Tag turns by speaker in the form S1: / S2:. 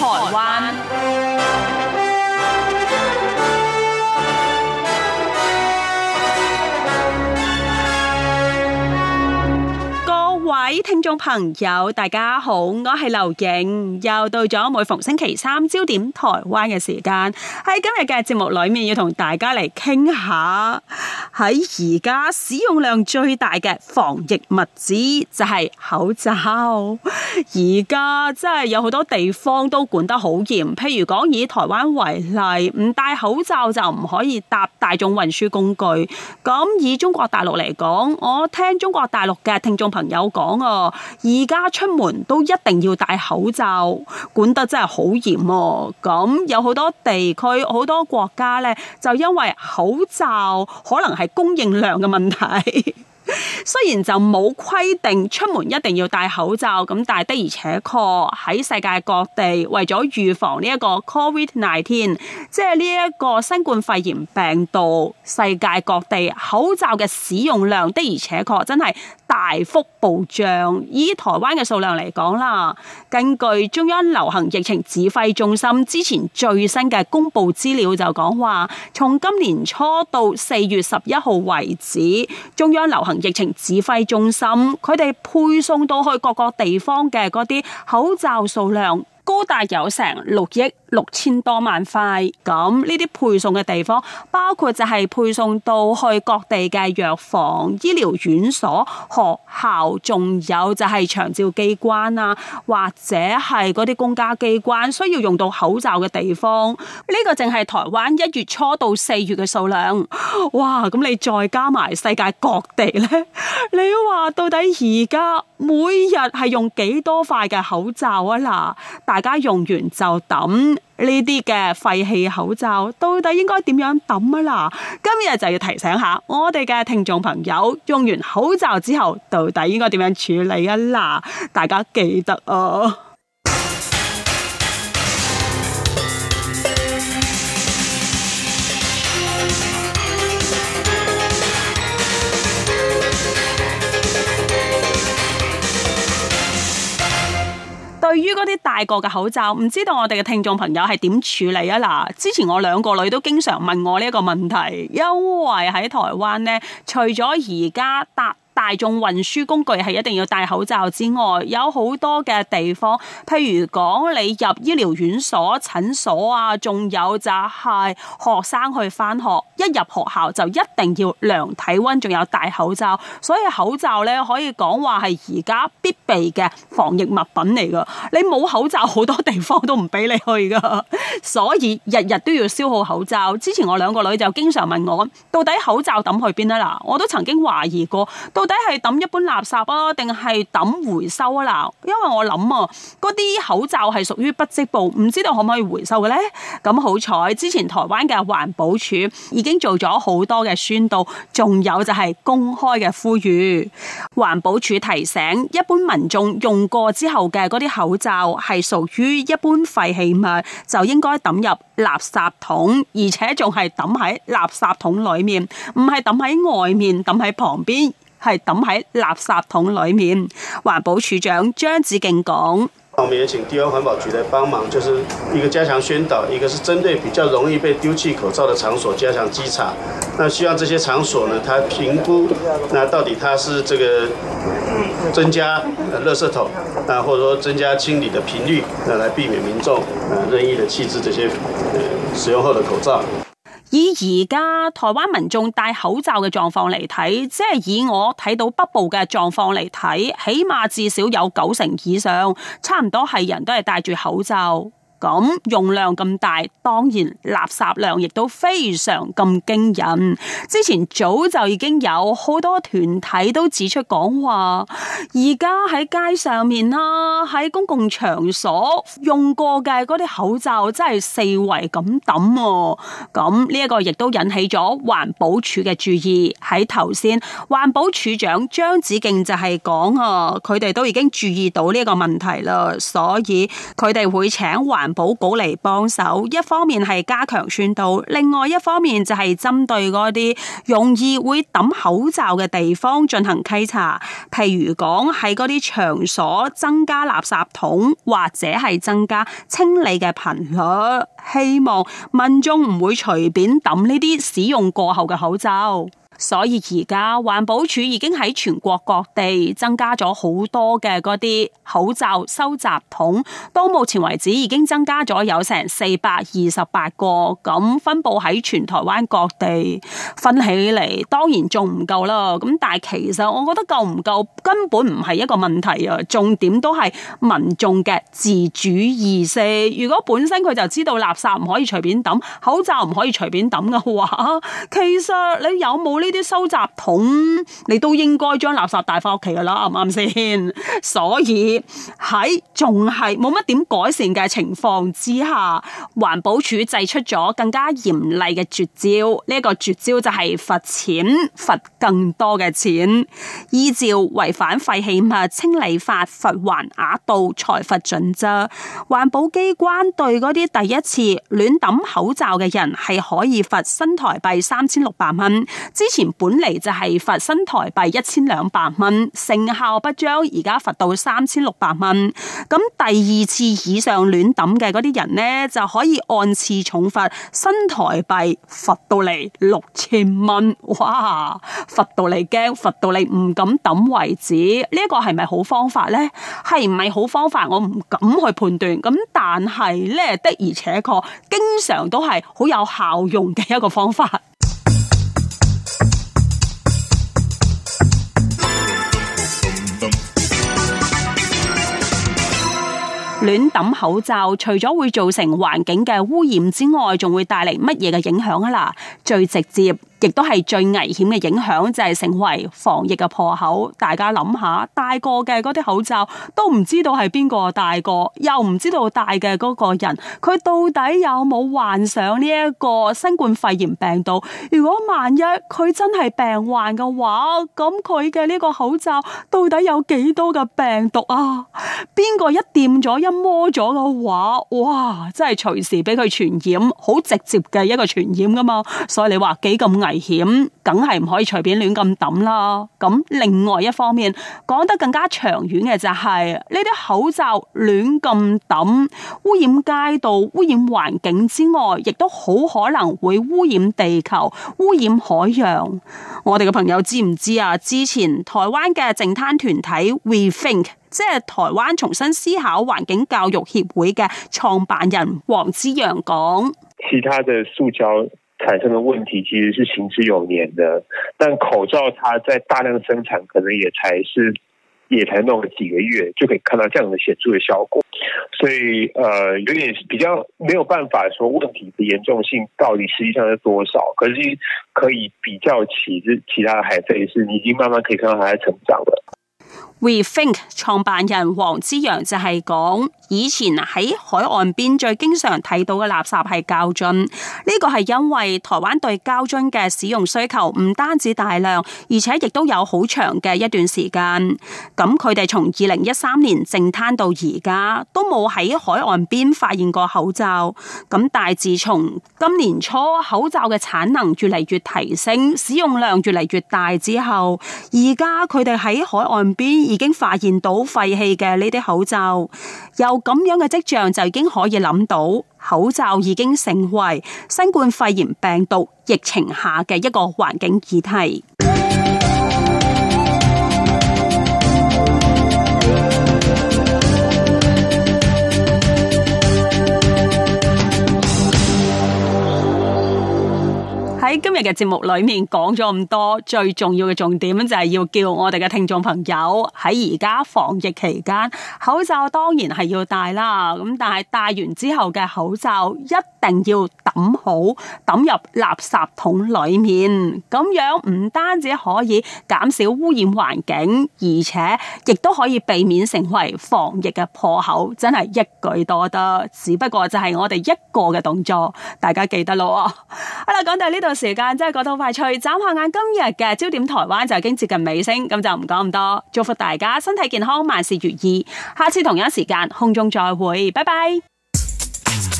S1: 台灣。聽眾朋友，大家好，我係劉瑩，又到咗每逢星期三焦點台灣嘅時間。喺今日嘅節目裏面，要同大家嚟傾下喺而家使用量最大嘅防疫物資就係口罩。而家真係有好多地方都管得好嚴，譬如講以台灣為例，唔戴口罩就唔可以搭大眾運輸工具。咁以中國大陸嚟講，我聽中國大陸嘅聽眾朋友講啊。而家出門都一定要戴口罩，管得真係好嚴喎！咁有好多地區、好多國家呢，就因為口罩可能係供應量嘅問題。 雖然就冇規定出門一定要戴口罩咁，但係的而且確喺世界各地為咗預防呢一個 Covid nineteen，即係呢一個新冠肺炎病毒，世界各地口罩嘅使用量的而且確真係大幅暴漲。以台灣嘅數量嚟講啦，根據中央流行疫情指揮中心之前最新嘅公布資料就講話，從今年初到四月十一號為止，中央流行疫情指揮中心，佢哋配送到去各個地方嘅嗰啲口罩數量高達有成六億，六千多萬塊。咁呢啲配送嘅地方，包括就係配送到去各地嘅藥房、醫療院所、學校，仲有就係長照機關啊，或者係嗰啲公家機關需要用到口罩嘅地方。呢個淨係台灣一月初到四月嘅數量，哇！咁你再加埋世界各地呢？你話到底而家每日係用幾多塊嘅口罩啊？嗱，大家用完就抌。呢啲嘅廢棄口罩到底應該點樣抌啊啦？今日就要提醒下我哋嘅聽眾朋友，用完口罩之後到底應該點樣處理啊啦？大家記得哦、啊。對於嗰啲戴過嘅口罩，唔知道我哋嘅聽眾朋友係點處理啊嗱，之前我兩個女都經常問我呢一個問題，因為喺台灣咧，除咗而家搭大眾運輸工具係一定要戴口罩之外，有好多嘅地方，譬如講你入醫療院所、診所啊，仲有就係學生去翻學，一入學校就一定要量體溫，仲有戴口罩。所以口罩呢，可以講話係而家必備嘅防疫物品嚟噶。你冇口罩，好多地方都唔俾你去噶。所以日日都要消耗口罩。之前我兩個女就經常問我，到底口罩抌去邊啊嗱，我都曾經懷疑過。到底係抌一般垃圾咯、啊，定係抌回收啊？嗱，因為我諗啊，嗰啲口罩係屬於不織布，唔知道可唔可以回收嘅呢。咁好彩，之前台灣嘅環保署已經做咗好多嘅宣導，仲有就係公開嘅呼籲。環保署提醒一般民眾用過之後嘅嗰啲口罩係屬於一般廢棄物，就應該抌入垃圾桶，而且仲係抌喺垃圾桶裏面，唔係抌喺外面，抌喺旁邊。係抌喺垃圾桶裏面。環保署長張子敬講：我們也請地方環保局嚟幫忙，就是一個加強宣導，一個是針對比較容易被丟棄口罩的場所加強稽查。那希望這些場所呢，它評估，那到底它是這個增加呃垃圾桶，啊，或者說增加清理的頻率，啊，來避免民眾啊任意的棄置這些使用後的口罩。以而家台灣民眾戴口罩嘅狀況嚟睇，即係以我睇到北部嘅狀況嚟睇，起碼至少有九成以上，差唔多係人都係戴住口罩。咁用量咁大，當然垃圾量亦都非常咁驚人。之前早就已經有好多團體都指出講話。而家喺街上面啦，喺公共場所用過嘅啲口罩真係四圍咁抌喎。咁呢一個亦都引起咗環保署嘅注意。喺頭先，環保署長張子敬就係講啊，佢哋都已經注意到呢一個問題啦，所以佢哋會請環。保局嚟幫手，一方面係加強宣導，另外一方面就係針對嗰啲容易會抌口罩嘅地方進行稽查，譬如講喺嗰啲場所增加垃圾桶，或者係增加清理嘅頻率，希望民眾唔會隨便抌呢啲使用過後嘅口罩。所以而家環保署已經喺全國各地增加咗好多嘅啲口罩收集桶，到目前為止已經增加咗有成四百二十八個，咁分布喺全台灣各地。分起嚟當然仲唔夠啦，咁但係其實我覺得夠唔夠根本唔係一個問題啊，重點都係民眾嘅自主意識。如果本身佢就知道垃圾唔可以隨便抌，口罩唔可以隨便抌嘅話，其實你有冇呢？呢啲收集桶，你都應該將垃圾帶翻屋企噶啦，啱唔啱先？所以喺仲係冇乜點改善嘅情況之下，環保署祭出咗更加嚴厲嘅絕招。呢、這、一個絕招就係罰錢，罰更多嘅錢。依照違反廢棄物清理法、罰鍰額度裁罰準則，環保機關對嗰啲第一次亂抌口罩嘅人係可以罰新台幣三千六百蚊。之前，本嚟就係罰新台幣一千兩百蚊，成效不彰，而家罰到三千六百蚊。咁第二次以上亂抌嘅嗰啲人呢，就可以按次重罰新台幣罰到你六千蚊。哇！罰到你驚，罰到你唔敢抌為止。呢一個係咪好方法呢？係唔係好方法？我唔敢去判斷。咁但係呢，的而且確，經常都係好有效用嘅一個方法。亂揼口罩，除咗會造成環境嘅污染之外，仲會帶嚟乜嘢嘅影響啊？嗱，最直接。亦都係最危險嘅影響就係成為防疫嘅破口。大家諗下，戴過嘅啲口罩，都唔知道係邊個戴過，又唔知道戴嘅個人，佢到底有冇患上呢一個新冠肺炎病毒？如果萬一佢真係病患嘅話，咁佢嘅呢個口罩到底有幾多嘅病毒啊？邊個一掂咗一摸咗嘅話，哇！真係隨時俾佢傳染，好直接嘅一個傳染噶嘛。所以你話幾咁危？危險，梗係唔可以隨便亂咁抌啦。咁另外一方面，講得更加長遠嘅就係呢啲口罩亂咁抌，污染街道、污染環境之外，亦都好可能會污染地球、污染海洋。我哋嘅朋友知唔知啊？之前台灣嘅淨灘團體 We Think，即係台灣重新思考環境教育協會嘅創辦人黃之揚講，其他嘅塑膠。產生的問題其實是行之有年的，但口罩它在大量生產，可能也才是也才弄了幾個月，就可以看到這樣的顯著的效果，所以，呃，有點比較沒有辦法說問題的嚴重性到底實際上是多少，可是可以比較起這其他的海廢，是你已經慢慢可以看到它在成長了。We Think 創辦人黃之揚就係講，以前喺海岸邊最經常睇到嘅垃圾係膠樽，呢個係因為台灣對膠樽嘅使用需求唔單止大量，而且亦都有好長嘅一段時間。咁佢哋從二零一三年淨灘到而家，都冇喺海岸邊發現過口罩。咁但係自從今年初口罩嘅產能越嚟越提升，使用量越嚟越大之後，而家佢哋喺海岸邊，已經發現到廢棄嘅呢啲口罩，有咁樣嘅跡象，就已經可以諗到口罩已經成為新冠肺炎病毒疫情下嘅一個環境議題。今日嘅節目裏面講咗咁多，最重要嘅重點就係要叫我哋嘅聽眾朋友喺而家防疫期間，口罩當然係要戴啦。咁但係戴完之後嘅口罩一定要抌好，抌入垃圾桶裏面。咁樣唔單止可以減少污染環境，而且亦都可以避免成為防疫嘅破口。真係一舉多得。只不過就係我哋一個嘅動作，大家記得咯。好啦，講到呢度時。時間真係過得好快脆，眨下眼，今日嘅焦點台灣就已經接近尾聲，咁就唔講咁多，祝福大家身體健康，萬事如意，下次同樣時間空中再會，拜拜。